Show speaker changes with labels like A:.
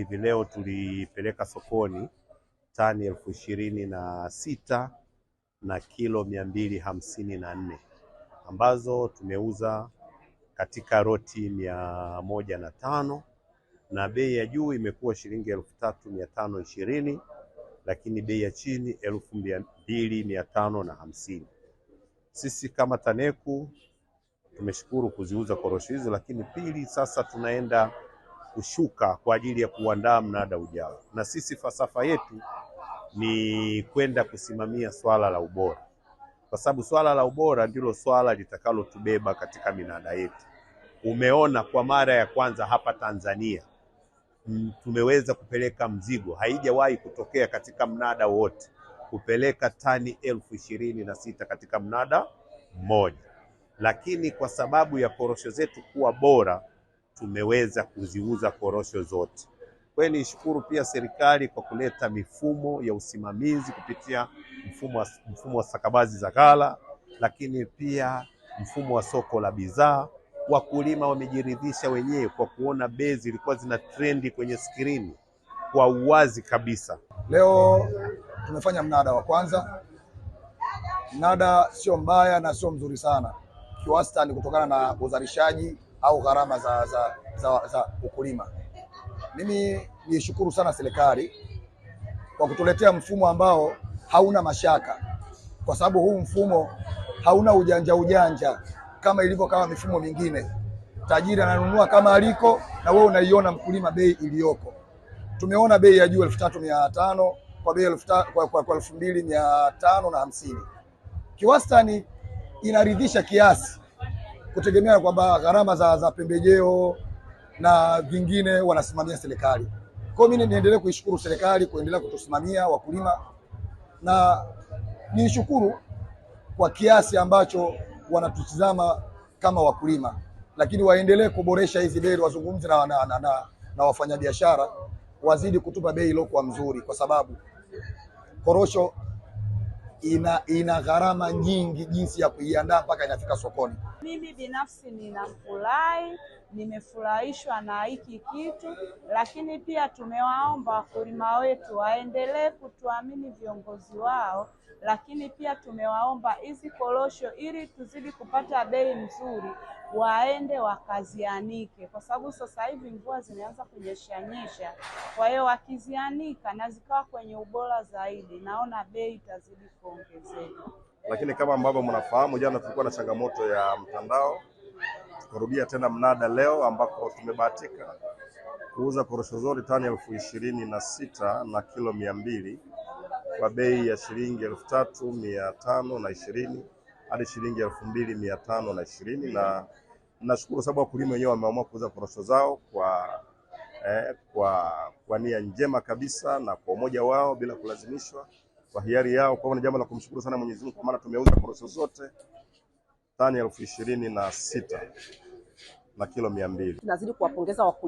A: hivi leo tulipeleka sokoni tani elfu ishirini na sita na kilo mia mbili hamsini na nne ambazo tumeuza katika roti mia moja na tano na bei ya juu imekuwa shilingi elfu tatu mia tano ishirini lakini bei ya chini elfu mbili mia tano na hamsini. Sisi kama TANECU tumeshukuru kuziuza korosho hizo, lakini pili, sasa tunaenda kushuka kwa ajili ya kuandaa mnada ujao, na sisi falsafa yetu ni kwenda kusimamia swala la ubora, kwa sababu swala la ubora ndilo swala litakalotubeba katika minada yetu. Umeona kwa mara ya kwanza hapa Tanzania tumeweza kupeleka mzigo, haijawahi kutokea katika mnada wote, kupeleka tani elfu ishirini na sita katika mnada mmoja, lakini kwa sababu ya korosho zetu kuwa bora tumeweza kuziuza korosho zote. Kwa hiyo nishukuru pia serikali kwa kuleta mifumo ya usimamizi kupitia mfumo, mfumo wa sakabazi za ghala, lakini pia mfumo wa soko la bidhaa. Wakulima wamejiridhisha wenyewe kwa kuona bei zilikuwa zina trendi kwenye skrini kwa uwazi kabisa.
B: Leo tumefanya mnada wa kwanza. Mnada sio mbaya na sio mzuri sana, kiwastani kutokana na uzalishaji au gharama za, za, za, za ukulima. Mimi nishukuru sana serikali kwa kutuletea mfumo ambao hauna mashaka, kwa sababu huu mfumo hauna ujanja ujanja kama ilivyo kama mifumo mingine. Tajiri ananunua kama aliko, na wewe unaiona mkulima bei iliyoko. Tumeona bei ya juu elfu tatu mia tano kwa bei kwa elfu mbili mia tano na hamsini kiwastani, inaridhisha kiasi kutegemea kwamba gharama za, za pembejeo na vingine wanasimamia serikali. Kwa hiyo mimi niendelee kuishukuru serikali kuendelea kutusimamia wakulima, na niishukuru kwa kiasi ambacho wanatutizama kama wakulima, lakini waendelee kuboresha hizi bei, wazungumze na, na, na, na, na wafanyabiashara, wazidi kutupa bei iliyokuwa mzuri, kwa sababu korosho ina, ina gharama nyingi jinsi ya kuiandaa mpaka inafika sokoni.
C: Mimi binafsi ninafurahi nimefurahishwa na hiki kitu, lakini pia tumewaomba wakulima wetu waendelee kutuamini viongozi wao, lakini pia tumewaomba hizi korosho ili tuzidi kupata bei nzuri, waende wakazianike, kwa sababu sasa hivi mvua zimeanza kunyesha nyesha. Kwa hiyo wakizianika na zikawa kwenye ubora zaidi, naona bei itazidi kuongezeka.
A: Lakini kama ambavyo mnafahamu, jana tulikuwa na changamoto ya mtandao tukarudia tena mnada leo ambapo tumebahatika kuuza korosho zote tani elfu ishirini na sita na kilo mia mbili kwa bei ya shilingi elfu tatu mia tano na ishirini hadi shilingi elfu mbili mia tano na ishirini na nashukuru sababu wakulima wenyewe wameamua kuuza korosho zao kwa, eh, kwa, kwa nia njema kabisa na kwa umoja wao bila kulazimishwa, kwa hiari yao. Kwa hiyo ni jambo la kumshukuru sana Mwenyezi Mungu, kwa maana tumeuza korosho zote tani elfu ishirini na sita na kilo mia mbili. Tunazidi kuwapongeza